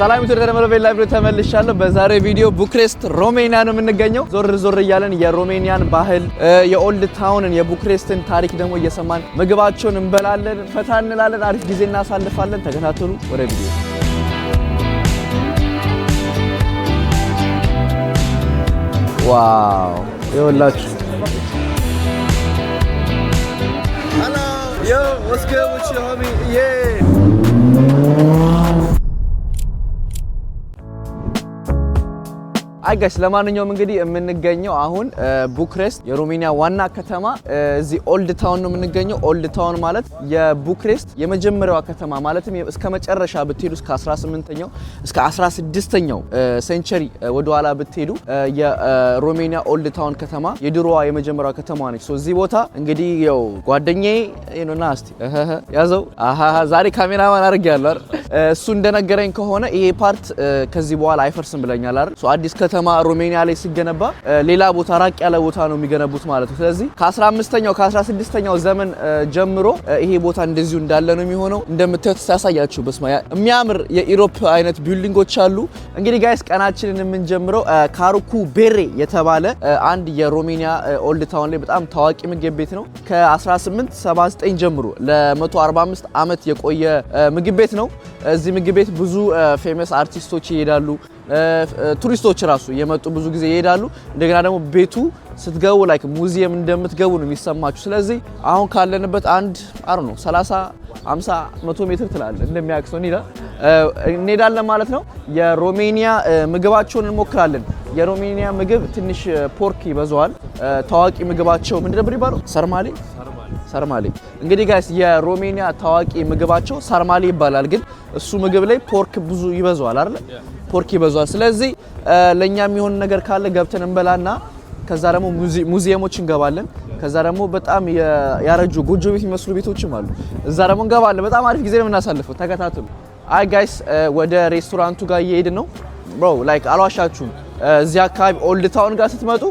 ሰላም ዩቱብ ከደመረቤ ላይቭ ተመልሻለሁ። በዛሬ ቪዲዮ ቡክሬስት ሮሜኒያ ነው የምንገኘው። ዞር ዞር እያለን የሮሜኒያን ባህል፣ የኦልድ ታውንን፣ የቡክሬስትን ታሪክ ደግሞ እየሰማን ምግባቸውን እንበላለን፣ ፈታ እንላለን፣ አሪፍ ጊዜ እናሳልፋለን። ተከታተሉ። ወደ ቪዲዮ ዋው! ይኸውላችሁ Yo, what's good with አይ ጋሽ ለማንኛውም እንግዲህ የምንገኘው አሁን ቡክሬስት የሮሜኒያ ዋና ከተማ እዚህ ኦልድ ታውን ነው የምንገኘው። ኦልድ ታውን ማለት የቡክሬስት የመጀመሪያዋ ከተማ ማለትም እስከ መጨረሻ ብትሄዱ እስከ 18ኛው እስከ 16ኛው ሴንቸሪ ወደኋላ ብትሄዱ የሮሜኒያ ኦልድ ታውን ከተማ የድሮዋ የመጀመሪያዋ ከተማ ነች። እዚህ ቦታ እንግዲህ ያው ጓደኛዬ ና እስቲ ያዘው ዛሬ ካሜራማን አድርጌያለሁ አይደል እሱ እንደነገረኝ ከሆነ ይሄ ፓርት ከዚህ በኋላ አይፈርስም ብለኛል አይደል? አዲስ ከተማ ሮሜኒያ ላይ ሲገነባ ሌላ ቦታ ራቅ ያለ ቦታ ነው የሚገነቡት ማለት ነው። ስለዚህ ከ15ኛው ከ16ኛው ዘመን ጀምሮ ይሄ ቦታ እንደዚሁ እንዳለ ነው የሚሆነው። እንደምታዩት ያሳያችሁ በስማ የሚያምር የኢሮፕ አይነት ቢልዲንጎች አሉ። እንግዲህ ጋይስ ቀናችንን የምንጀምረው ካሩኩ ቤሬ የተባለ አንድ የሮሜኒያ ኦልድ ታውን ላይ በጣም ታዋቂ ምግብ ቤት ነው። ከ1879 ጀምሮ ለ145 ዓመት የቆየ ምግብ ቤት ነው። እዚህ ምግብ ቤት ብዙ ፌመስ አርቲስቶች ይሄዳሉ። ቱሪስቶች ራሱ የመጡ ብዙ ጊዜ ይሄዳሉ። እንደገና ደግሞ ቤቱ ስትገቡ ላይክ ሙዚየም እንደምትገቡ ነው የሚሰማችሁ። ስለዚህ አሁን ካለንበት አንድ አር ነው 30 50 100 ሜትር ትላለ እንደሚያቅሰው እንሄዳለን ማለት ነው። የሮሜኒያ ምግባቸውን እንሞክራለን። የሮሜኒያ ምግብ ትንሽ ፖርክ ይበዛዋል። ታዋቂ ምግባቸው ምንድን ይባለው? ሰርማሌ ሰርማሌ እንግዲህ ጋይስ የሮሜኒያ ታዋቂ ምግባቸው ሰርማሌ ይባላል። ግን እሱ ምግብ ላይ ፖርክ ብዙ ይበዛዋል አይደል? ፖርክ ይበዛዋል። ስለዚህ ለኛ የሚሆን ነገር ካለ ገብተን እንበላና ከዛ ደግሞ ሙዚየሞች እንገባለን። ከዛ ደግሞ በጣም ያረጁ ጎጆ ቤት የሚመስሉ ቤቶችም አሉ። እዛ ደግሞ እንገባለን። በጣም አሪፍ ጊዜ ነው የምናሳልፈው። ተከታተሉ። አይ ጋይስ ወደ ሬስቶራንቱ ጋር እየሄድን ነው። ብሮ ላይክ አልዋሻችሁም። እዚህ አካባቢ ኦልድ ታውን ጋር ስትመጡ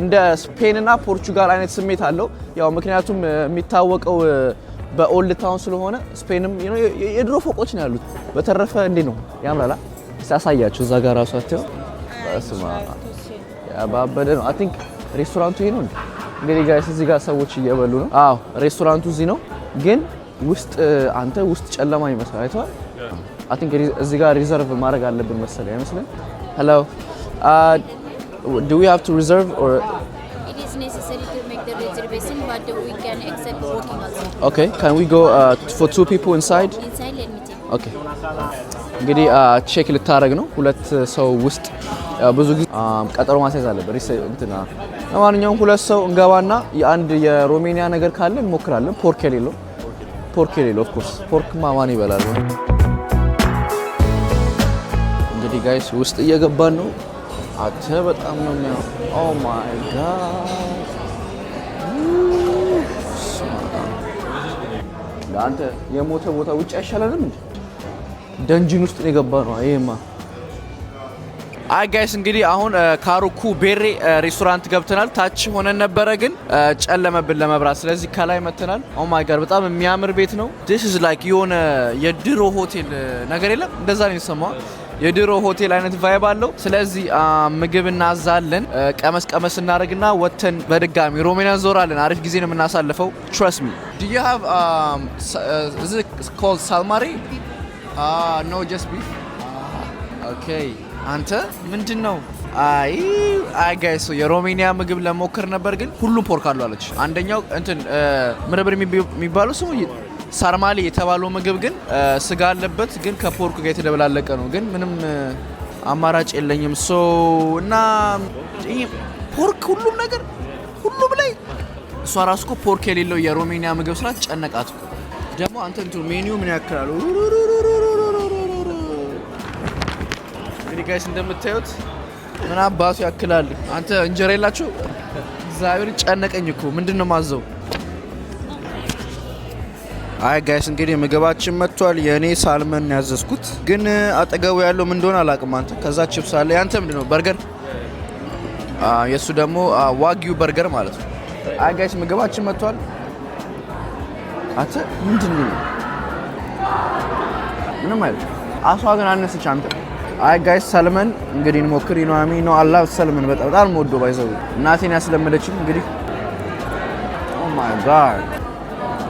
እንደ ስፔንና ፖርቹጋል አይነት ስሜት አለው። ያው ምክንያቱም የሚታወቀው በኦልድ ታውን ስለሆነ ስፔንም የድሮ ፎቆች ነው ያሉት። በተረፈ እንዲ ነው ያምራላ። ሲያሳያችሁ እዛ ጋር ራሱ አትየው በስማ ያባበደ ነው። አይ ቲንክ ሬስቶራንቱ ይሄ ነው እንግዲህ ጋይስ፣ እዚህ ጋር ሰዎች እየበሉ ነው። አዎ ሬስቶራንቱ እዚህ ነው፣ ግን ውስጥ አንተ ውስጥ ጨለማ ይመስላል። አይተዋል። አይ ቲንክ እዚህ ጋር ሪዘርቭ ማድረግ አለብን መሰለኝ አይመስልም? ሄሎ do we have to reserve or? It is necessary to make the reservation, but we can accept walking also. Okay, can we go uh, for two people inside? Inside, let me check. Okay. እንግዲህ ቼክ ልታደረግ ነው ሁለት ሰው ውስጥ ብዙ ጊዜ ቀጠሮ ማስያዝ አለበት። ለማንኛውም ሁለት ሰው እንገባና የአንድ የሮሜኒያ ነገር ካለ እንሞክራለን። ፖርክ የሌለው ፖርክ የሌለው ኦፍኮርስ ፖርክ ማማን ይበላል። እንግዲህ ጋይስ ውስጥ እየገባን ነው። Oh አንተ በጣም ነው የሚያው ኦ ማይ ጋድ ለአንተ የሞተ ቦታ ውጭ አይሻለንም እንዴ? ደንጅን ውስጥ ነው የገባ ነው ይሄማ። አይ ጋይስ እንግዲህ አሁን ካሩኩ ቤሬ ሬስቶራንት ገብተናል። ታች ሆነን ነበረ ግን ጨለመብን ለመብራት፣ ስለዚህ ከላይ መተናል። ኦ ማይ ጋድ በጣም የሚያምር ቤት ነው። ዲስ ኢዝ ላይክ የሆነ የድሮ ሆቴል ነገር የለም እንደዛ ነው የሚሰማው የድሮ ሆቴል አይነት ቫይብ አለው። ስለዚህ ምግብ እናዛለን፣ ቀመስ ቀመስ እናደርግና ወተን በድጋሚ ሮሜኒያ ዞራለን። አሪፍ ጊዜ ነው የምናሳልፈው። ትረስት ሚ ዱ ዩ ሃቭ ኢዝ ኢት ኮልድ ሳልማሪ ኖ ጀስት ቢፍ ኦኬ። አንተ ምንድን ነው? አይ አይ ጋይስ የሮሜኒያ ምግብ ለሞክር ነበር ግን ሁሉም ፖርክ አሉ አለች። አንደኛው እንትን ምርብር የሚባለው ስሙ ሳርማሌ የተባለው ምግብ ግን ስጋ አለበት፣ ግን ከፖርክ ጋር የተደበላለቀ ነው። ግን ምንም አማራጭ የለኝም። ሶ እና ፖርክ ሁሉም ነገር ሁሉም ላይ እሷ ራሱ እኮ ፖርክ የሌለው የሮሜኒያ ምግብ ስራ ጨነቃት ደግሞ አንተ እንትን ሜኒው ምን ያክላሉ? እንግዲህ ጋይስ እንደምታዩት ምን አባቱ ያክላል። አንተ እንጀራ የላችሁ? እግዚአብሔር ጨነቀኝ እኮ ምንድን ነው ማዘው አይ ጋይስ እንግዲህ ምግባችን መጥቷል። የእኔ ሳልመን ያዘዝኩት ግን አጠገቡ ያለው ምን እንደሆነ አላውቅም። አንተ ከዛ ቺፕስ አለ። ያንተ ምንድን ነው? በርገር። የእሱ ደግሞ ዋጊው በርገር ማለት ነው። አይ ጋይስ ምግባችን መጥቷል። አንተ ምንድን ነው? ምንም አይደል። አሷ ግን አነሰች አንተ። አይ ጋይስ ሰልመን እንግዲህ እንሞክር። ኢኖሚ ኖ አላ ሰልመን በጣም በጣም ወዶ ባይዘው እናቴን ያስለመደችኝ እንግዲህ ኦ ማይ ጋድ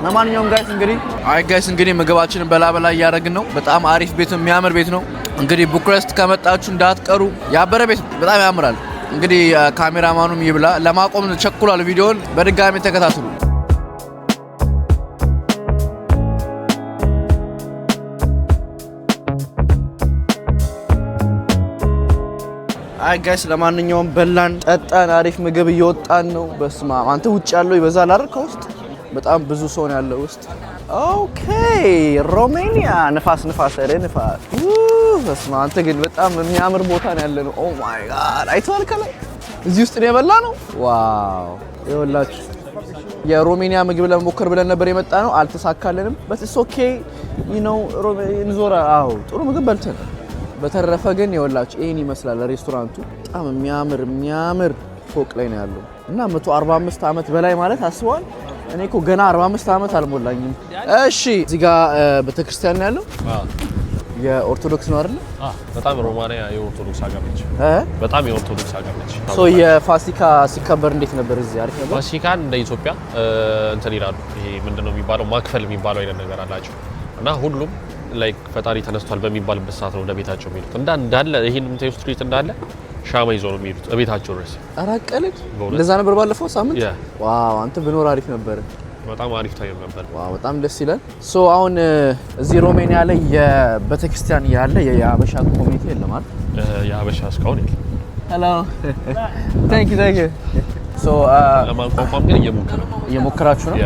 ለማንኛውም ጋይስ እንግዲህ አይ ጋይስ እንግዲህ ምግባችንን በላበላ እያደረግን ነው። በጣም አሪፍ ቤት ነው፣ የሚያምር ቤት ነው። እንግዲህ ቡኩረስት ከመጣችሁ እንዳትቀሩ። ያበረ ቤት በጣም ያምራል። እንግዲህ ካሜራማኑም ይብላ ለማቆም ቸኩሏል። ቪዲዮን በድጋሚ ተከታተሉ። አይ ጋይስ ለማንኛውም በላን ጠጣን፣ አሪፍ ምግብ እየወጣን ነው። በስማ አንተ ውጭ ያለው ይበዛል አይደል ከውስጥ በጣም ብዙ ሰው ነው ያለው ውስጥ። ኦኬ ሮሜኒያ። ንፋስ ንፋስ ረ ንፋስ። በስመ አብ አንተ ግን በጣም የሚያምር ቦታ ነው ያለ ነው። ኦ ማይ ጋድ አይተዋል። ከላይ እዚህ ውስጥ ነው የበላ ነው። ዋው ይኸውላችሁ የሮሜኒያ ምግብ ለመሞከር ብለን ነበር የመጣ ነው፣ አልተሳካልንም። በስስ ኢትስ ኦኬ ነው እንዞራ። አዎ ጥሩ ምግብ በልተን። በተረፈ ግን ይኸውላችሁ ይህን ይመስላል ሬስቶራንቱ። በጣም የሚያምር የሚያምር ፎቅ ላይ ነው ያለው እና 145 ዓመት በላይ ማለት አስበዋል እኔ እኮ ገና 45 ዓመት አልሞላኝም። እሺ፣ እዚህ ጋር ቤተክርስቲያን ነው ያለው። የኦርቶዶክስ ነው አይደል? በጣም ሮማንያ የኦርቶዶክስ ሀገር ነች። በጣም የኦርቶዶክስ ሀገር ነች። ሶ የፋሲካ ሲከበር እንዴት ነበር? እዚህ አሪፍ ነበር። ፋሲካን እንደ ኢትዮጵያ እንትን ይላሉ። ይሄ ምንድነው የሚባለው? ማክፈል የሚባለው አይነት ነገር አላቸው እና ሁሉም ላይክ ፈጣሪ ተነስቷል በሚባልበት ሰዓት ነው ወደ ቤታቸው የሚሄዱት። እንዳለ ይሄን ስትሪት እንዳለ ሻማ ይዞ ነው የሚሄዱት እቤታቸው ድረስ። አራቀልክ እንደዛ ነበር ባለፈው ሳምንት። ዋው አንተ ብኖር አሪፍ ነበር። በጣም አሪፍ ታየም ነበር። ዋው በጣም ደስ ይላል። ሶ አሁን እዚህ ሮሜኒያ ላይ የቤተክርስቲያን ያለ የሀበሻ ኮሚቴ የለም አይደል? የሀበሻ እስካሁን የለም። ሄሎ ታንክ ዩ ታንክ ዩ ለማቋቋም ግን እየሞከራችሁ ነው።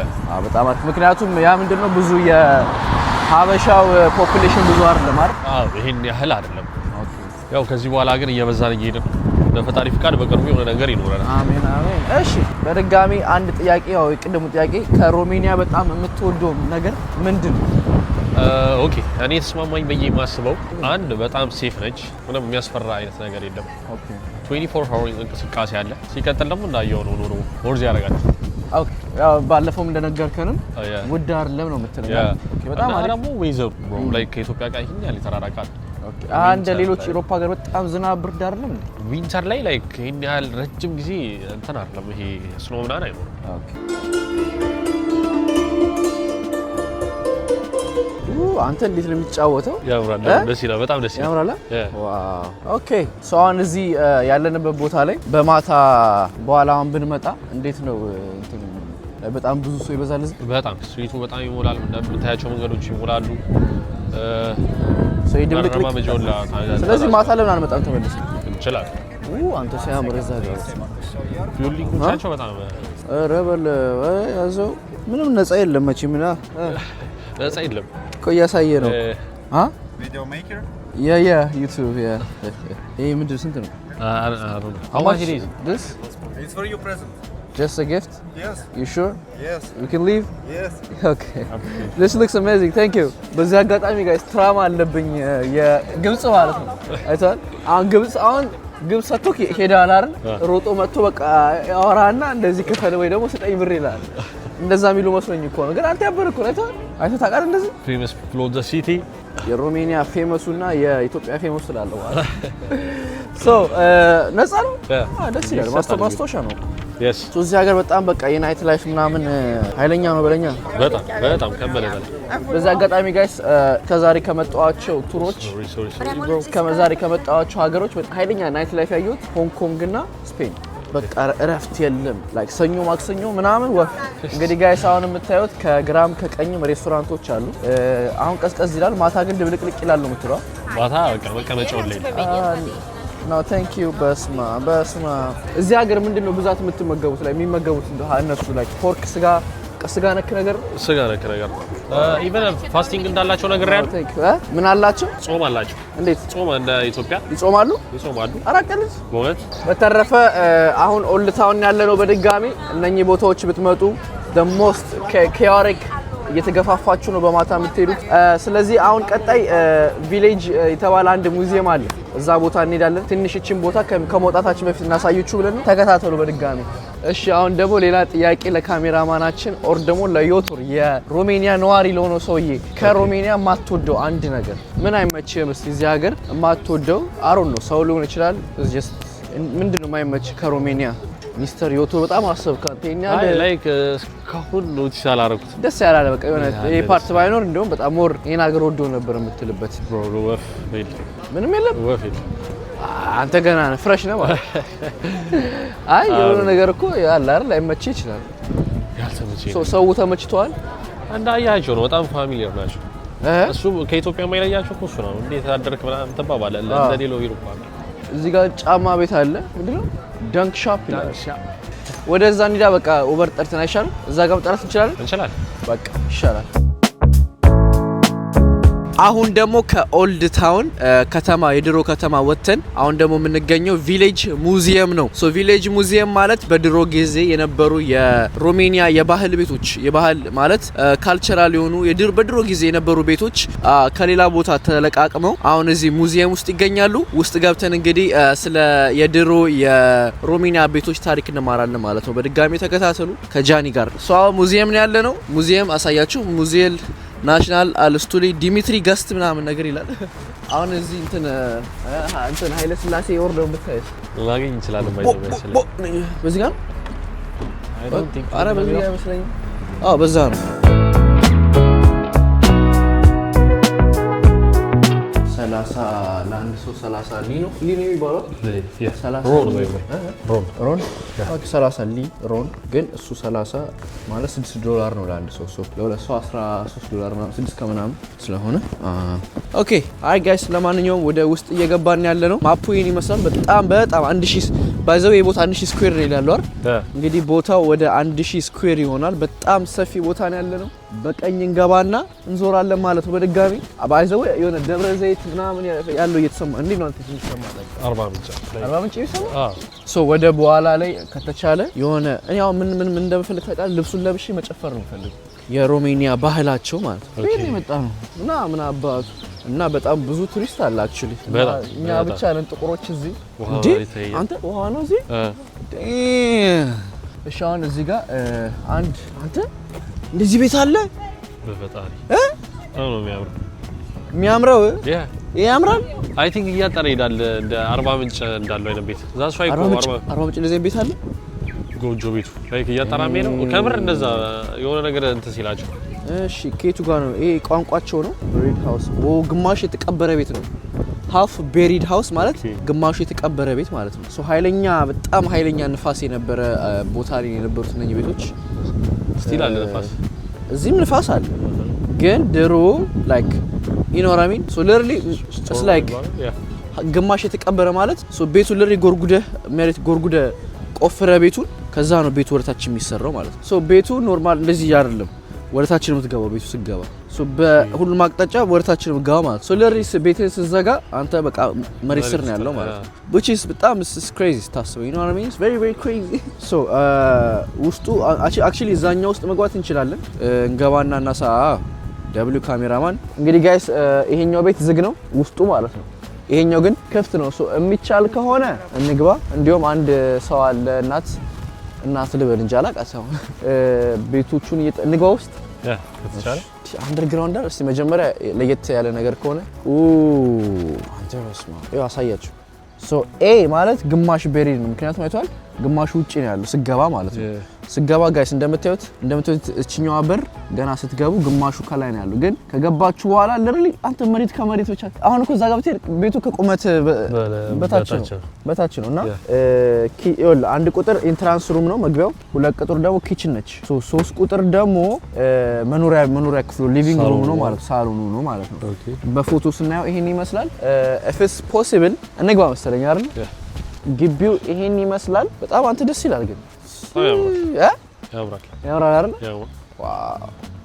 በጣም አሪፍ። ምክንያቱም ያ ምንድነው ብዙ የሀበሻው ፖፑሌሽን ብዙ አይደለም አይደል? አዎ ይሄን ያህል አይደለም ያው ከዚህ በኋላ ግን እየበዛን እየሄድን በፈጣሪ ፍቃድ በቅርቡ የሆነ ነገር ይኖረናል። አሜን አሜን። እሺ በድጋሚ አንድ ጥያቄ፣ ያው የቅድሙ ጥያቄ ከሮሜኒያ በጣም የምትወደው ነገር ምንድን ነው? ኦኬ እኔ ተስማማኝ ብዬ የማስበው አንድ በጣም ሴፍ ነች። ምንም የሚያስፈራ አይነት ነገር የለም። ኦኬ 24 ሆር እንቅስቃሴ አለ። ሲቀጥል ደግሞ እንዳየው ነው ኑሮ ወርዝ ያደርጋል። ባለፈውም እንደነገርከንም ውድ አይደለም ነው የምትለው። ኦኬ በጣም ደግሞ ወይዘሩ ከኢትዮጵያ ጋር ይሄን ያህል የተራራቃል እንደ ሌሎች ኤሮፓ ሀገር በጣም ዝናብ ብርድ አይደለም። ዊንተር ላይ ላይክ ይህን ያህል ረጅም ጊዜ እንትን አይደለም። ይሄ ስኖ ምናምን አይኖርም። አንተ እንዴት ነው የሚጫወተው? ያምራል። ደስ ይላል። በጣም ደስ ይላል። ኦኬ ሶ አሁን እዚህ ያለንበት ቦታ ላይ በማታ በኋላ አሁን ብንመጣ እንዴት ነው እንትን በጣም ብዙ ሰው ይበዛል በጣም ስትሪቱ በጣም ይሞላል። እንደምታያቸው መንገዶች ይሞላሉ። ሰው ይደብልቅልቅ። ስለዚህ ማታ ለምን አንመጣም? ተመለስ እንችላል። አንተ ሲያምር እዛ ረበል ያዘው። ምንም ነፃ የለም መቼም እና ነፃ የለም እኮ እያሳየ ነው። ያ ያ ዩቲዩብ ያ ይሄ ምንድን ስንት ነው? Just a gift? Yes. You sure? Yes. We can leave? Yes. Okay. This looks amazing. Thank you. በዚህ አጋጣሚ ጋይስ ትራማ አለብኝ የግብጽ ማለት ነው። አይተሃል? አሁን ግብጽ አሁን ግብጽ ሰጥቶ ሄዳል አይደል? ሮጦ መጥቶ በቃ አወራና እንደዚህ ክፈል ወይ ደግሞ ስጠኝ ብር ይላል። እንደዛ የሚሉ መስሎኝ እኮ ነው። ግን አንተ ያበረ እኮ አይተህ አይተህ ታውቃለህ። እንደዚህ ፌመስ ፍሎት ዘ ሲቲ የሮሜኒያ ፌመሱ እና የኢትዮጵያ ፌመሱ ስላለው uh, ነፃ ነው። ደስ ይላል። ማስታወሻ ነው። እዚህ ሀገር በጣም በቃ የናይት ላይፍ ምናምን ኃይለኛ ነው በለኛ በጣም በጣም ከመለ በላይ። በዚህ አጋጣሚ ጋይስ ከዛሬ ከመጣዋቸው ቱሮች ከዛሬ ከመጣዋቸው ሀገሮች ኃይለኛ ናይት ላይፍ ያየሁት ሆንኮንግ እና ስፔን በቃ እረፍት የለም። ላይክ ሰኞ ማክሰኞ ምናምን ወፍ እንግዲህ ጋይስ አሁን የምታዩት ከግራም ከቀኝም ሬስቶራንቶች አሉ። አሁን ቀዝቀዝ ይላል፣ ማታ ግን ድብልቅልቅ ይላል ነው የምትለው። ማታ በቃ መቀመጫው ላይ ነው ቴንክ ዩ። በስማ በስማ እዚህ ሀገር ምንድን ነው ብዛት የምትመገቡት ላይ የሚመገቡት እነሱ ላይ ፖርክ ስጋ ስጋ ነክ ነገር ስጋ ነክ ነገር ኢቨን ፋስቲንግ uh, እንዳላቸው ነገር ያሉ oh, eh? ምን አላቸው? ጾም አላቸው። እንዴት ጾም እንደ ኢትዮጵያ ይጾማሉ ይጾማሉ። አራቀልስ ማለት በተረፈ uh, አሁን ኦልድ ታውን ያለ ነው። በድጋሚ እነኚህ ቦታዎች ብትመጡ the most chaotic እየተገፋፋችሁ ነው በማታ የምትሄዱት። ስለዚህ አሁን ቀጣይ ቪሌጅ የተባለ አንድ ሙዚየም አለ። እዛ ቦታ እንሄዳለን። ትንሽ እችን ቦታ ከመውጣታችን በፊት እናሳየችሁ ብለን ተከታተሉ በድጋሚ እሺ። አሁን ደግሞ ሌላ ጥያቄ ለካሜራማናችን ኦር ደግሞ ለዮቱር የሮሜኒያ ነዋሪ ለሆነ ሰውዬ ከሮሜኒያ የማትወደው አንድ ነገር ምን አይመችም? እስኪ እዚህ ሀገር የማትወደው አሮን ነው ሰው ሊሆን ይችላል። ምንድነው ነው የማይመች ከሮሜኒያ ሚስተር ዮቶ በጣም አሰብካት። ይሄኛል ላይክ እስካሁን ኖቲስ አላረኩት ደስ ያላለ በቃ የሆነ ይሄ ፓርት ባይኖር እንደውም በጣም ሞር ይሄን ሀገር ወዶ ነበር የምትልበት። ወፍ ምንም የለም ወፍ የለም። አንተ ገና ነህ ፍረሽ ነህ ማለት። አይ የሆነ ነገር እኮ ያለ አይደል አይመችህ ይችላል። ሰው ተመችቷል። እንዳያቸው ነው በጣም ፋሚሊየር ናቸው። እሱ ከኢትዮጵያ ማይለያቸው እኮ እሱ ነው። እንዴት አደረክ ምናምን ትባባላለህ እንደ ሌላው ይሩባል እዚህ ጋር ጫማ ቤት አለ። ምንድን ነው ዳንክ ሻፕ ይላል። ወደዛ እንሂዳ በቃ ኦቨር ጠርተን አይሻልም? እዛ ጋር መጠራት እንችላለን። እንችላለን። በቃ ይሻላል። አሁን ደግሞ ከኦልድ ታውን ከተማ የድሮ ከተማ ወጥተን አሁን ደግሞ የምንገኘው ቪሌጅ ሙዚየም ነው። ሶ ቪሌጅ ሙዚየም ማለት በድሮ ጊዜ የነበሩ የሮሜኒያ የባህል ቤቶች የባህል ማለት ካልቸራል የሆኑ በድሮ ጊዜ የነበሩ ቤቶች ከሌላ ቦታ ተለቃቅመው አሁን እዚህ ሙዚየም ውስጥ ይገኛሉ። ውስጥ ገብተን እንግዲህ ስለ የድሮ የሮሜኒያ ቤቶች ታሪክ እንማራለን ማለት ነው። በድጋሚ ተከታተሉ ከጃኒ ጋር። ሶ ሙዚየም ነው ያለ ነው። ሙዚየም አሳያችሁ ሙዚየል ናሽናል አልስቱሊ ዲሚትሪ ገስት ምናምን ነገር ይላል። አሁን እዚህ እንትን እንትን ኃይለ ስላሴ ወርደው ብታይስ ላገኝ እንችላለን። በዚህ ጋር አረ በዚህ ጋር አዎ በዛ ነው። ሰላሳ ለአንድ ሰው ሰላሳ ሊኖ ሊኖ ይባላል። ሮን ሰላሳ ሊ ሮን ግን እሱ ሰላሳ ማለት ስድስት ዶላር ነው ለአንድ ሰው ሰው ለሁለት ሰው አስራ ሶስት ዶላር ምናምን ስድስት ከምናምን ስለሆነ ኦኬ። አይ ጋይስ ለማንኛውም ወደ ውስጥ እየገባን ያለ ነው። ማፑ ይህን ይመስላል። በጣም በጣም አንድ ሺህ ባይዘው የቦታ አንድ ሺህ ስኩዌር ይላሉ አይደል? እንግዲህ ቦታው ወደ አንድ ሺህ ስኩዌር ይሆናል። በጣም ሰፊ ቦታ ነው ያለ ነው። በቀኝ እንገባና እንዞራለን ማለት ነው። በድጋሚ አባይዘው የሆነ ደብረ ዘይት ምናምን ያለው እየተሰማ እንዴ ነው አንተ የሚሰማ? አርባ ምንጭ አርባ ምንጭ ይሰማ። ሶ ወደ በኋላ ላይ ከተቻለ የሆነ እኔ አሁን ምን ምን እንደምፈልግ ታውቃለህ? ልብሱን ለብሼ መጨፈር ነው ፈልግ የሮሜኒያ ባህላቸው ማለት ነው። ይሄን የመጣ ነው እና ምን አባቱ እና በጣም ብዙ ቱሪስት አለ። አክቹሊ እኛ ብቻ ነን ጥቁሮች እዚህ። እንዴ አንተ ውሃ ነው እዚህ? እሺ አሁን እዚህ ጋር አንድ አንተ እንደዚህ ቤት አለ። በፈጣሪ እ ነው የሚያምረው የሚያምረው ያምራል። አይ ቲንክ እያጠረ ይሄዳል። እንደ አርባ ምንጭ እንዳለው አይነት ቤት ዛሱ አይቆ አርባ ምንጭ እንደዚህ ቤት አለ። ጎጆ ቤቱ ላይክ እያጠራ ነው ከምር እንደዛ የሆነ ነገር እንትን ሲላቸው። እሺ ኬቱ ጋር ነው ይሄ? ቋንቋቸው ነው ቤሪድ ሃውስ። ኦ ግማሽ የተቀበረ ቤት ነው። ሃፍ ቤሪድ ሃውስ ማለት ግማሹ የተቀበረ ቤት ማለት ነው። ሶ ኃይለኛ፣ በጣም ኃይለኛ ንፋስ የነበረ ቦታ ላይ የነበሩት እነኚህ ቤቶች ስቲል አለ ንፋስ፣ እዚህም ንፋስ አለ። ግን ድሮ ላይክ ኢኖራሚን ሶለርሊ ስ ላይክ ግማሽ የተቀበረ ማለት ቤቱ ልሪ ጎርጉደ መሬት ጎርጉደ ቆፍረ ቤቱን ከዛ ነው ቤቱ ወደታች የሚሰራው ማለት ነው። ቤቱ ኖርማል እንደዚህ አይደለም። ወደታችን የምትገባው ቤቱ ስገባ በሁሉም አቅጣጫ ወደታችን የምትገባ ማለት ነው። ለሪስ ቤትን ስዘጋ አንተ በቃ መሬት ስር ነው ያለው ማለት ነው። ዊችስ በጣም ክሬዚ ስታስበው ነው ሚንስ ቬሪ ቬሪ ክሬዚ። ውስጡ አክቹዋሊ እዛኛ ውስጥ መግባት እንችላለን። uh, እንገባና እናሳ ደብሊው ካሜራማን። እንግዲህ ጋይስ uh, ይሄኛው ቤት ዝግ ነው ውስጡ ማለት ነው። ይሄኛው ግን ክፍት ነው። የሚቻል ከሆነ እንግባ። እንዲሁም አንድ ሰው አለ እናት እናት ልበል እንጂ አላቃ ሰው uh, ቤቶቹን እንግባ ውስጥ አንደርግራውንድ እስቲ መጀመሪያ ለየት ያለ ነገር ከሆነ አንተ በስመ አብ አሳያችሁ። ኤ ማለት ግማሽ ቤሪድ ነው። ምክንያቱም አይተዋል ግማሹ ውጭ ነው ያለው ስገባ ማለት ነው። ስገባ ጋይስ እንደምታዩት እንደምታዩት እችኛዋ በር ገና ስትገቡ ግማሹ ከላይ ነው ያለው። ግን ከገባችሁ በኋላ ለሪሊ አንተ መሬት ከመሬት ብቻ አሁን እኮ እዛ ገብተህ ቤቱ ከቁመት በታች ነው በታች ነው እና አንድ ቁጥር ኢንትራንስ ሩም ነው መግቢያው፣ ሁለት ቁጥር ደግሞ ኪችን ነች፣ ሶስት ቁጥር ደግሞ መኖሪያ መኖሪያ ክፍሉ ሊቪንግ ሩም ነው ማለት ሳሎኑ ነው ማለት ነው። በፎቶ ስናየው ይሄን ይመስላል። ኢፍ ኢትስ ፖሲብል እንግባ መሰለኝ አይደል ግቢው ይሄን ይመስላል። በጣም አንተ ደስ ይላል ግን ያምራል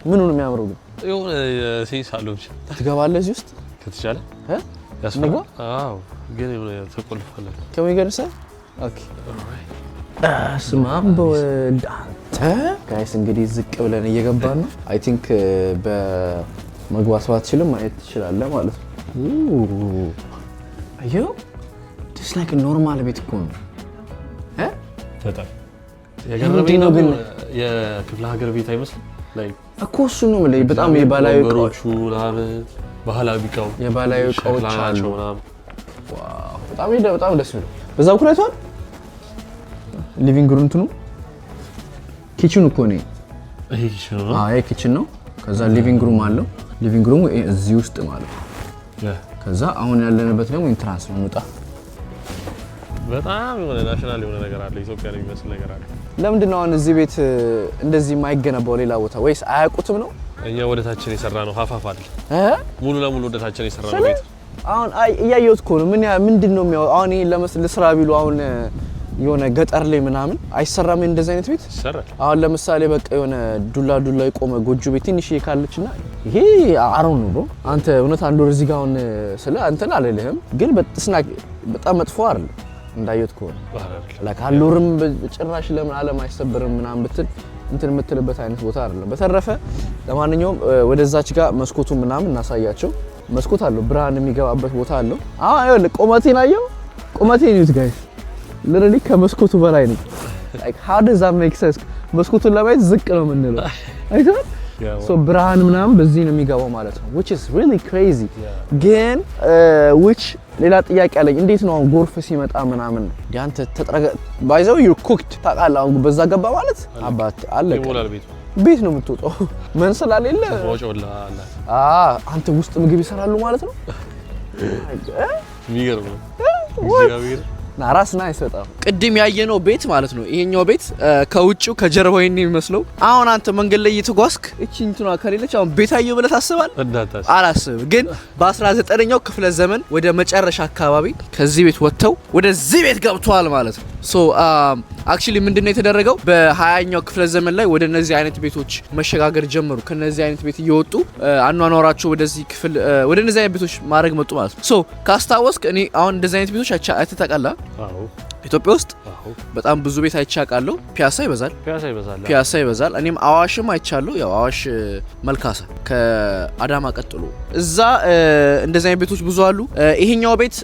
ምኑ ነው የሚያምረው ግን? የሆነ ሴንስ አለው ብቻ። ትገባለህ እዚህ ውስጥ ከተቻለ ግን የሆነ ከሚገርሰ በወድ አንተ ጋይስ፣ እንግዲህ ዝቅ ብለን እየገባን ነው። አይ ቲንክ በመግባት ባትችልም ማየት ትችላለህ ማለት ነው። አየኸው ጀስት ላይክ ኖርማል ቤት እኮ ነው። በጣም የገረመኝ ነው ግን የክፍለ ሀገር ቤት አይመስልም እኮ እሱ ነው የምልህ። በጣም የባህላዊ እቃዎቹ ባህላዊ እቃው የባህላዊ እቃዎች አሉ። በጣም በጣም ደስ የሚለው በዛ ኩረት ሊቪንግ ሩም እንትኑ ኪችኑ እኮ ነው። ይሄ ኪችን ነው። ይሄ ኪችን ነው። ከዛ ሊቪንግ ሩም አለው። ሊቪንግ ሩም እዚህ ውስጥ ማለት ከዛ አሁን ያለንበት ደግሞ ኢንትራንስ ነው። እንውጣ በጣም የሆነ ናሽናል የሆነ ነገር አለ፣ ኢትዮጵያ ላይ የሚመስል ነገር አለ። ለምንድን ነው አሁን እዚህ ቤት እንደዚህ የማይገነባው ሌላ ቦታ ወይስ አያውቁትም ነው? እኛ ወደታችን የሰራ ነው ሀፋፍ አለ ሙሉ ለሙሉ ወደታችን የሰራ ነው ቤት። አሁን እያየሁት እኮ ነው። ምን ምንድን ነው የሚያወ አሁን ይሄን ስራ ቢሉ አሁን የሆነ ገጠር ላይ ምናምን አይሰራም እንደዚህ አይነት ቤት ይሰራል። አሁን ለምሳሌ በቃ የሆነ ዱላ ዱላ የቆመ ጎጆ ቤት ትንሽ ካለች ና ይሄ አሮ ነው ብሎ አንተ እውነት አንድ ወር እዚህ ጋር አሁን ስለ አንተን አልልህም፣ ግን በጣም መጥፎ አይደለም እንዳየት ከሆነ ካሉርም ጭራሽ ለምን ዓለም አይሰበርም ምናምን ብትል እንትን የምትልበት አይነት ቦታ አይደለም። በተረፈ ለማንኛውም ወደዛች ጋር መስኮቱ ምናምን እናሳያቸው። መስኮት አለው ብርሃን የሚገባበት ቦታ አለው። አሁን ይኸውልህ ቁመቴን አየው፣ ቁመቴን እዩት ጋይስ፣ ልረሊ ከመስኮቱ በላይ ነኝ። ሀው ዶዝ ዛት ሜክ ሰንስ? መስኮቱን ለማየት ዝቅ ነው የምንለው አይተሃል ብርሃን ምናምን በዚህ ነው የሚገባው ማለት ነው። which is really crazy ግን which ሌላ ጥያቄ አለኝ። እንዴት ነው ጎርፍ ሲመጣ ምናምን ያንተ ተጠረገ way you cooked ታውቃለህ። አሁን በዛ ገባ ማለት አባት አለቀ ቤት ነው የምትወጣው። ምን ስላሌለ አንተ ውስጥ ምግብ ይሰራሉ ማለት ነው። የሚገርም ነው። ናራስ ናይስ በጣም ቅድም ያየነው ቤት ማለት ነው። ይሄኛው ቤት ከውጭው ከጀርባ ይሄን የሚመስለው አሁን አንተ መንገድ ላይ እየተጓዝክ እቺ እንትና ከሌለች አሁን ቤት አየሁ ብለህ ታስባል? አላስብም። ግን በ19ኛው ክፍለ ዘመን ወደ መጨረሻ አካባቢ ከዚህ ቤት ወጥተው ወደዚህ ቤት ገብተዋል ማለት ነው። ሶ አክቹሊ ምንድነው የተደረገው በ20ኛው ክፍለ ዘመን ላይ ወደ እነዚህ አይነት ቤቶች መሸጋገር ጀመሩ። ከነዚህ አይነት ቤት እየወጡ አኗኗራቸው ወደዚህ ክፍል ወደ እነዚህ አይነት ቤቶች ማድረግ መጡ ማለት ነው። ሶ ካስታወስክ እኔ አሁን እንደዚህ አይነት ቤቶች አይተህ ታውቃለህ? ኢትዮጵያ ውስጥ በጣም ብዙ ቤት አይቼ አውቃለሁ። ፒያሳ ይበዛል፣ ፒያሳ ይበዛል። እኔም አዋሽም አይቻለሁ። ያው አዋሽ መልካሳ ከአዳማ ቀጥሎ እዛ እንደዚህ አይነት ቤቶች ብዙ አሉ። ይሄኛው ቤት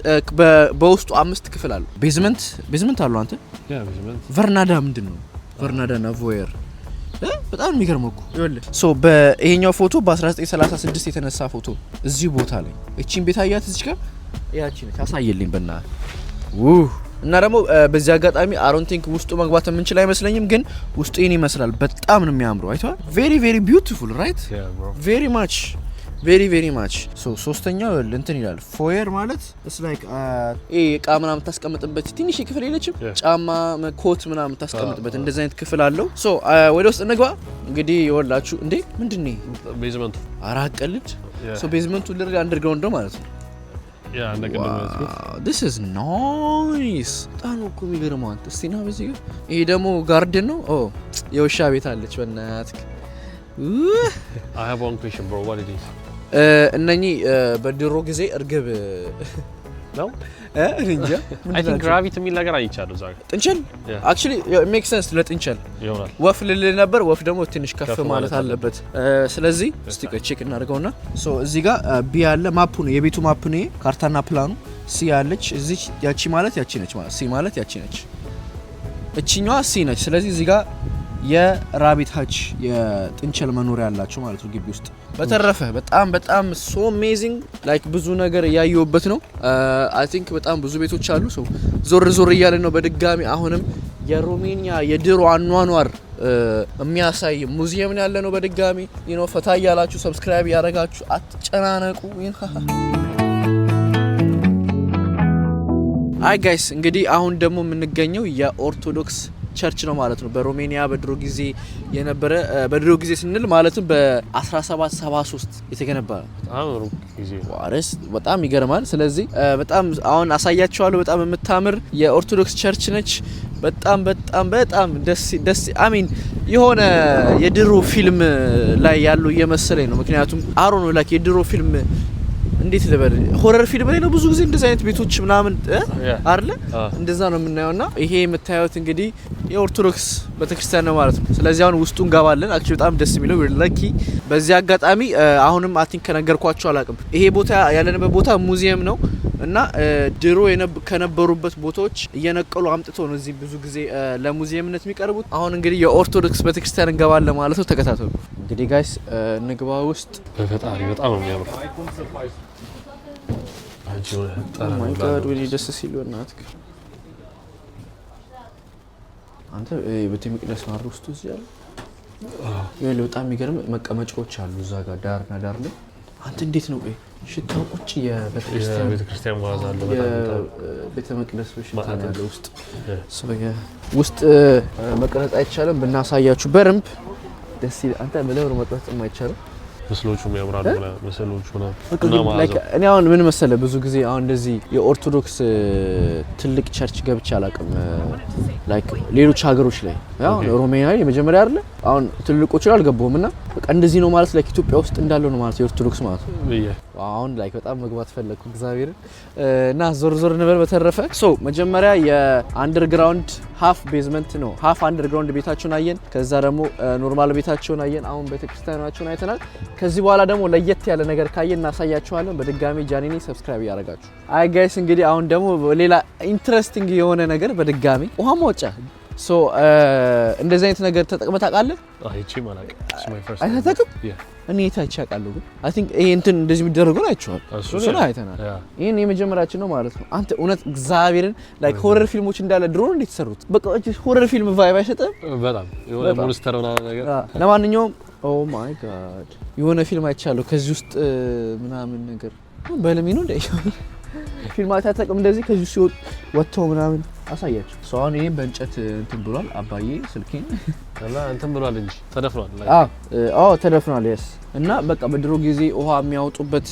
በውስጡ አምስት ክፍል አሉ። ቤዝመንት ቤዝመንት አሉ። አንተ ቨርናዳ ምንድን ነው ቨርናዳ ና ቮየር በጣም የሚገርመው እኮ ይኸውልህ፣ ሶ በይሄኛው ፎቶ በ1936 የተነሳ ፎቶ እዚህ ቦታ ላይ እቺን ቤት አያት እዚህ ጋር ያቺ ነች። አሳየልኝ በእናትህ እና ደግሞ በዚህ አጋጣሚ አሮን ቲንክ ውስጡ መግባት የምንችል አይመስለኝም፣ ግን ውስጡ ይህን ይመስላል። በጣም ነው የሚያምሩ አይተዋል። ቬሪ ቬሪ ቢዩቲፉል ራይት ቬሪ ማች ቬሪ ቬሪ ማች ሶስተኛው እንትን ይላል። ፎየር ማለት ስ ላይክ እቃ ምናምን የምታስቀምጥበት ትንሽ ክፍል የለችም፣ ጫማ ኮት ምናምን የምታስቀምጥበት uh, እንደዚህ uh. አይነት ክፍል አለው። ሶ ወደ ውስጥ እንግባ እንግዲህ የወላችሁ እንዴ ምንድን ነው ቤዝመንቱ? አራት ቤዝመንቱ ልርግ አንደርግራውንድ ነው ማለት ነው ያ ነገር ዲስ ኢዝ ናይስ። በጣም እኮ የሚገርመው አንተ እስቲ ና በዚህ ጋር ይሄ ደግሞ ጋርደን ነው። ኦ oh, የውሻ ቤት አለች። በእናትህ አይ ሃቭ ዋን ኩዌስቸን ብሮ ዋት ኢት ኢዝ እነኚህ uh, በድሮ ጊዜ እርግብ ነው እንጃ። አይ ግራቪት የሚል ነገር አይቻለሁ። እዛ ጥንቸል አክቹሊ ሜክ ሰንስ ለጥንቸል ይሆናል። ወፍ ልልህ ነበር። ወፍ ደግሞ ትንሽ ከፍ ማለት አለበት። ስለዚህ እስቲ ቼክ እናድርገውና ሶ እዚህ ጋር ቢ ያለ ማፑ ነው የቤቱ ማፕ ነው ካርታና ፕላኑ። ሲ ያለች እዚች ያቺ ማለት ያቺ ነች ማለት ሲ ማለት ያቺ ነች። እቺኛዋ ሲ ነች። ስለዚህ እዚህ ጋር የራቢት ሀች የጥንቸል መኖሪያ ያላቸው ማለት ነው ግቢ ውስጥ። በተረፈ በጣም በጣም ሶ አሜዚንግ ላይክ ብዙ ነገር እያየሁበት ነው። አይ uh, ቲንክ በጣም ብዙ ቤቶች አሉ። ሰው ዞር ዞር እያለ ነው። በድጋሚ አሁንም የሮሜኒያ የድሮ አኗኗር uh, የሚያሳይ ሙዚየም ያለ ነው። በድጋሚ ዩኖ ፈታ እያላችሁ ሰብስክራይብ እያደረጋችሁ አትጨናነቁ። አይ ጋይስ እንግዲህ አሁን ደግሞ የምንገኘው የኦርቶዶክስ ቸርች ነው ማለት ነው። በሮሜኒያ በድሮ ጊዜ የነበረ በድሮ ጊዜ ስንል ማለትም በ1773 የተገነባ ዋረስ በጣም ይገርማል። ስለዚህ በጣም አሁን አሳያቸዋለሁ። በጣም የምታምር የኦርቶዶክስ ቸርች ነች። በጣም በጣም በጣም ደስ አሚን የሆነ የድሮ ፊልም ላይ ያሉ እየመሰለኝ ነው። ምክንያቱም አሮ ነው ላይክ የድሮ ፊልም እንዴት ልበል ሆረር ፊልም ላይ ነው ብዙ ጊዜ እንደዚህ አይነት ቤቶች ምናምን አለ እንደዛ ነው የምናየውና ይሄ የምታዩት እንግዲህ የኦርቶዶክስ ቤተክርስቲያን ነው ማለት ነው። ስለዚህ አሁን ውስጡ እንገባለን። አክቹ በጣም ደስ የሚለው ለኪ በዚህ አጋጣሚ አሁንም አይ ከነገርኳቸው አላቅም ይሄ ቦታ ያለንበት ቦታ ሙዚየም ነው እና ድሮ ከነበሩበት ቦታዎች እየነቀሉ አምጥቶ ነው እዚህ ብዙ ጊዜ ለሙዚየምነት የሚቀርቡት። አሁን እንግዲህ የኦርቶዶክስ ቤተክርስቲያን እንገባለን ማለት ነው። ተከታተሉ። እንግዲህ ጋይስ ንግባ ውስጥ በፈጣሪ በጣም ነው የሚያምረው። ደስ ሲሉ እናትህ አንተ ቤተ መቅደስ ማር ውስጡ እዚህ ያለ ይኸውልህ፣ በጣም የሚገርም መቀመጫዎች አሉ እዛ ጋር ዳርና ዳር ላይ። አንተ እንዴት ነው ሽታው? ቁጭ የቤተክርስቲያን መዓዛ አለው የቤተ መቅደስ ሽታ ያለ ውስጥ ውስጥ መቅረጽ አይቻልም ብናሳያችሁ በርምብ ደስ ይላል። አንተ መጥራት ምስሎቹ ምስሎቹ እኔ አሁን ምን መሰለ ብዙ ጊዜ አሁን እንደዚህ የኦርቶዶክስ ትልቅ ቸርች ገብቼ አላውቅም። ላይክ ሌሎች ሀገሮች ላይ አሁን ሮሜኒያ የመጀመሪያ አይደለ አሁን ትልቆቹ አልገባሁም እና በቃ እንደዚህ ነው ማለት ላይክ ኢትዮጵያ ውስጥ እንዳለው ነው ማለት የኦርቶዶክስ ማለት ነው አሁን ላይ በጣም መግባት ፈለግኩ እግዚአብሔርን እና ዞር ዞር እንበል። በተረፈ ሶ መጀመሪያ የአንደርግራውንድ ሀፍ ቤዝመንት ነው ሀፍ አንደርግራውንድ ቤታቸውን አየን። ከዛ ደግሞ ኖርማል ቤታቸውን አየን። አሁን ቤተክርስቲያናቸውን አይተናል። ከዚህ በኋላ ደግሞ ለየት ያለ ነገር ካየን እናሳያቸዋለን። በድጋሚ ጃኒኒ ሰብስክራይብ እያደረጋችሁ አይ ጋይስ እንግዲህ አሁን ደግሞ ሌላ ኢንትረስቲንግ የሆነ ነገር በድጋሚ ውሃ ማውጫ ሶ እንደዚህ አይነት ነገር ተጠቅመህ ታውቃለህ? አይተጠቅም እኔ የታች ያውቃለሁ። ግን አይ ቲንክ ይሄ እንትን እንደዚህ የሚደረገውን አይቼዋል፣ እሱን አይተናል። ይህን የመጀመሪያችን ነው ማለት ነው። አንተ እውነት እግዚአብሔርን ላይክ ሆረር ፊልሞች እንዳለ ድሮ ነው እንደተሰሩት። በቃ ሆረር ፊልም ቫይብ አይሰጥም በጣም የሆነ ሞንስተር ምናምን ነገር። ለማንኛውም ኦ ማይ ጋድ የሆነ ፊልም አይቻለሁ ከዚህ ውስጥ ምናምን ነገር በልሜ እንደ ፊልም አይታጠቅም እንደዚህ ከዚህ ሲወጡ ወጥተው ምናምን አሳያችሁ ሰው አሁን ይሄ በእንጨት እንትን ብሏል። አባዬ ስልኬን እንትን ብሏል እንጂ ተደፍኗል። አዎ ተደፍኗል። የስ እና በቃ በድሮ ጊዜ ውሃ የሚያወጡበት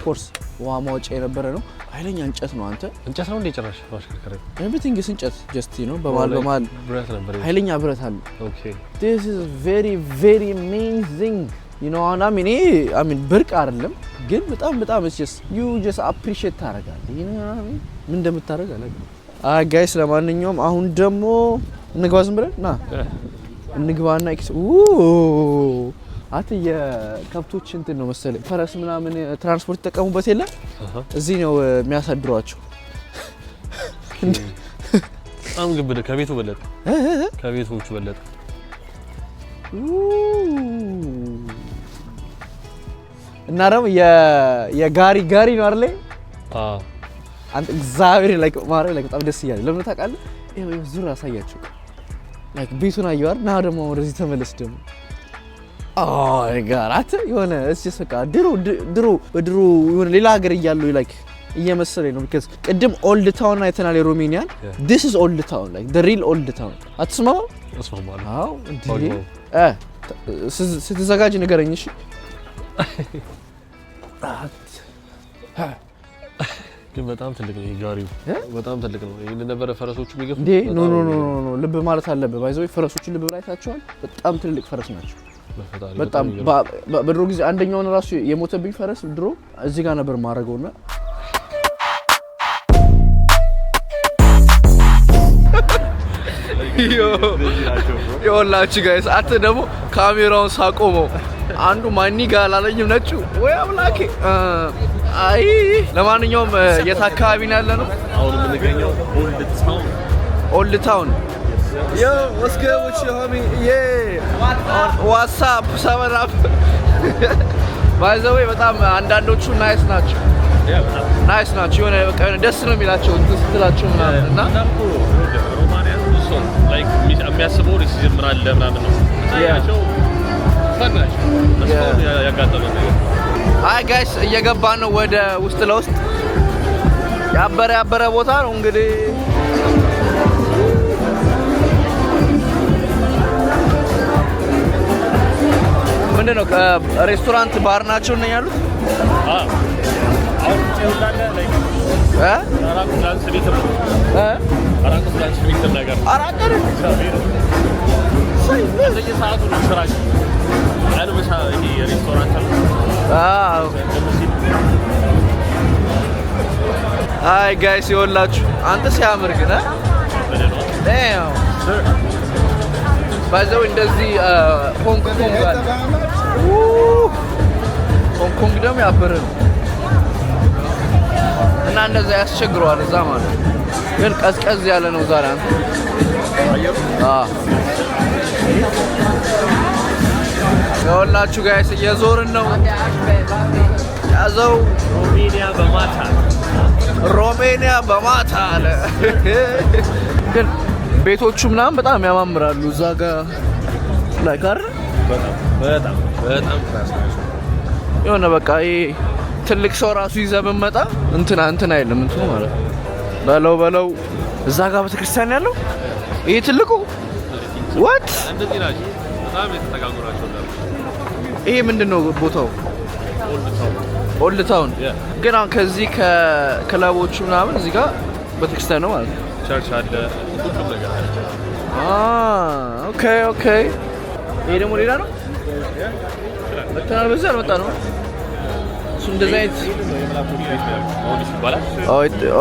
ኮርስ ውሃ ማውጫ የነበረ ነው። ኃይለኛ እንጨት ነው። አንተ እንጨት ነው እንደ ጭራሽ ማሽከርከሪ ኤቭሪቲንግ እንጨት ጀስት ነው። በማል በማል ብረት ነበር። ኃይለኛ ብረት አለ። ኦኬ ዲስ ኢዝ ቬሪ ቬሪ አሜዚንግ ዩ ኖ አና ሚኒ አይ ብርቅ አይደለም ግን በጣም በጣም ኢትስ ጀስት ዩ ጀስት አፕሪሺየት ታደርጋለህ። ምን እንደምታደርግ አላውቅም አጋይስ ለማንኛውም አሁን ደግሞ እንግባ፣ ዝም ብለን ና እንግባና ኤክስ ኡ አት የከብቶች እንትን ነው መሰለኝ ፈረስ ምናምን ትራንስፖርት ይጠቀሙበት የለ እዚህ ነው የሚያሳድሯቸው። በጣም ግብደ ከቤቱ በለጠ ከቤቶቹ በለጠ እና ደግሞ የጋሪ ጋሪ ነው አይደል? አንተ እግዚአብሔር ላይ ማርያም ላይ በጣም ደስ እያለኝ ለምን ታውቃለህ? ይሄ ዙር አሳያችሁ ላይክ ቤቱን አየዋል ና ደግሞ ወደዚህ ተመለስ ደግሞ አይ ጋር አት የሆነ እስኪ በቃ ድሮ ድሮ ድሮ የሆነ ሌላ ሀገር እያለሁ ላይክ እየመሰለኝ ነው። ቢካዝ ቅድም ኦልድ ታውን አይተናል የሮሜኒያን። ዲስ ኢዝ ኦልድ ታውን ላይክ ዘ ሪል ኦልድ ታውን። አትስማማ? አስማማለሁ። አዎ እንዴ እ ስትዘጋጅ ንገረኝ እሺ። ግን በጣም ትልቅ ነው ጋሪው፣ በጣም ትልቅ ነው። ይሄን ነበረ ፈረሶቹ የሚገፉ እንዴ? ኖ ኖ ኖ ኖ፣ ኖ ልብ ማለት አለብህ። ባይዘው ፈረሶቹ ልብ ብላ አይታቸዋል። በጣም ትልቅ ፈረስ ናቸው። በጣም በድሮ ጊዜ አንደኛውን ራሱ የሞተብኝ ፈረስ ድሮ እዚህ ጋር ነበር ማድረገውና ይኸውላችሁ ጋይስ አት ደግሞ ካሜራውን ሳቆመው አንዱ ማኒ ጋር አላለኝም ነጩ ወይ አምላኬ። አይ ለማንኛውም የት አካባቢ ነው ያለ ነው? አሁን የምንገኘው ኦልድ ታውን ኦልድ ታውን ዮ ሆሚ ዋትሳፕ ሰቨን አፕ ባይ ዘ ወይ በጣም አንዳንዶቹ ናይስ ናቸው ናይስ ናቸው። የሆነ በቃ የሆነ ደስ ነው የሚላቸው እንትን ስትላቸው ምናምን እና ሮማንያ ብዙ ሰው የሚያስበው ጀምራል ለምናምን ነው አይ ጋይስ እየገባን ነው ወደ ውስጥ ለውስጥ ያበረ ያበረ ቦታ ነው እንግዲህ ምንድን ነው ሬስቶራንት ባር ናቸው እና ያሉት አራት አይ ጋይ ሲወላችሁ አንተ ሲያምር ግን ባይዘው እንደዚህ ሆንግ ኮንግ አለ። ሆንግ ኮንግ ደግሞ ያፈረ ነው እና እንደዛ ያስቸግረዋል እዛ ማለት ግን ቀዝቀዝ ያለ ነው ዛሬ አንተ የወላችሁ ጋይስ እየዞርን ነው። ያዘው ሮሜኒያ በማታ ሮሜኒያ በማታ አለ። ግን ቤቶቹ ምናምን በጣም ያማምራሉ። እዛ ጋር ላይ ጋር የሆነ በቃ ይሄ ትልቅ ሰው ራሱ ይዘህ ብንመጣ እንትና እንትን አይልም እንትኑ ማለት በለው በለው እዛ ጋር ቤተክርስቲያን ያለው ይሄ ትልቁ ወት ይሄ ምንድን ነው ቦታው? ኦልድ ታውን ግን አሁን ከዚህ ከክለቦቹ ምናምን እዚህ ጋር ቤተክርስቲያን ነው ማለት ነው። ቸርች አለ። ኦኬ ኦኬ። ይሄ ደግሞ ሌላ ነው። መተናል በዛ አልመጣ ነው እሱ እንደዚህ አይነት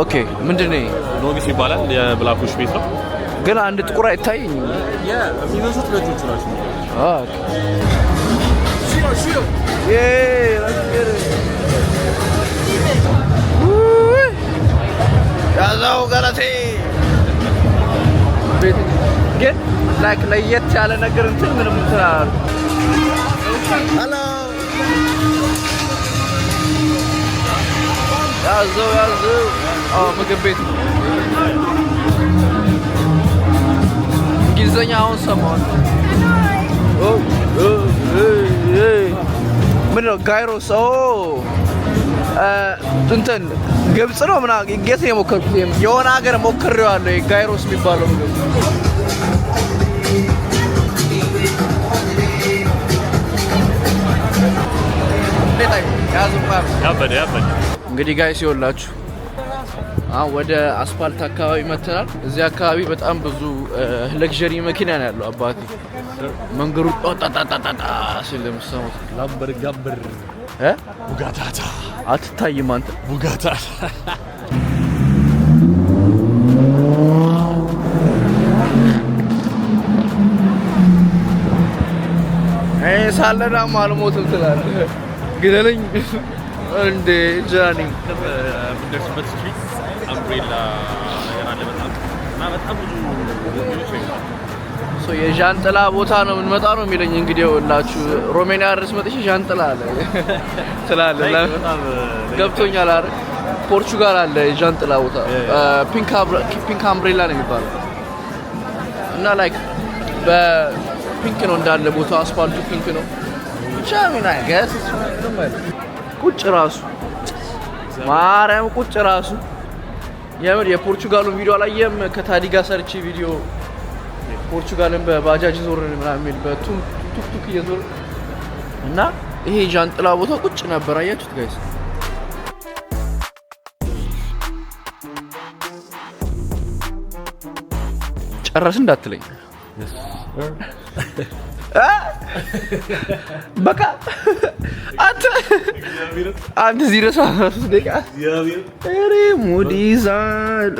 ኦኬ። ምንድን ነው ኖቢስ ይባላል። የብላኮች ቤት ነው። ግን አንድ ጥቁር አይታየኝም። የሚመሱት ገጆቹ ናቸው። Koşuyor. Yeee lan ያዛው ገለቴ ግን ላይክ ለየት ያለ ነገር እንትን ምንም እንትን ያዘው ያዘው ምግብ ቤት እንግሊዘኛ አሁን ሰማሁት። ምንድን ነው ጋይሮስ? እንትን ግብፅ ነው ምና ጌት የሞከርኩት የሆነ ሀገር ሞክሬዋለሁ። ጋይሮስ የሚባለው እንግዲህ ጋይ ሲሆንላችሁ አሁን ወደ አስፓልት አካባቢ መተናል። እዚህ አካባቢ በጣም ብዙ ለግዠሪ መኪና ነው ያለው። አባቴ መንገዱ ጣጣጣጣጣ ሲል ላምበር ጋምበር ቡጋታታ አትታይም አንተ ቡጋታታ ሳለና አልሞትም ትላለህ። ግደለኝ እንዴ ጃኒ አምብሬላ ነገር አለ በጣም እና በጣም ብዙ ሶ የዣንጥላ ቦታ ነው የምንመጣ ነው የሚለኝ እንግዲህ ሁላችሁ ሮሜኒያ ድረስ መጥቼ ዣንጥላ አለ ስላለ uh, ገብቶኛል። አረ ፖርቹጋል አለ የዣንጥላ ቦታ uh, ፒንክ አምብሬላ ነው የሚባለው እና ላይክ በፒንክ ነው እንዳለ ቦታ አስፋልቱ ፒንክ ነው ብቻ ምን ቁጭ ራሱ ማርያም ቁጭ ራሱ የምር የፖርቹጋሉን ቪዲዮ አላየም። ከታዲጋ ሰርች ቪዲዮ ፖርቹጋልን በባጃጅ ዞር ምናምን በቱክቱክ እየዞር እና ይሄ ዣንጥላ ቦታ ቁጭ ነበር። አያችሁት ጋይስ ጨረስ እንዳትለኝ በቃ አንተ አንተ ዜሮ ሰባ አምስት ደቂቃ ሙድ ይዛል።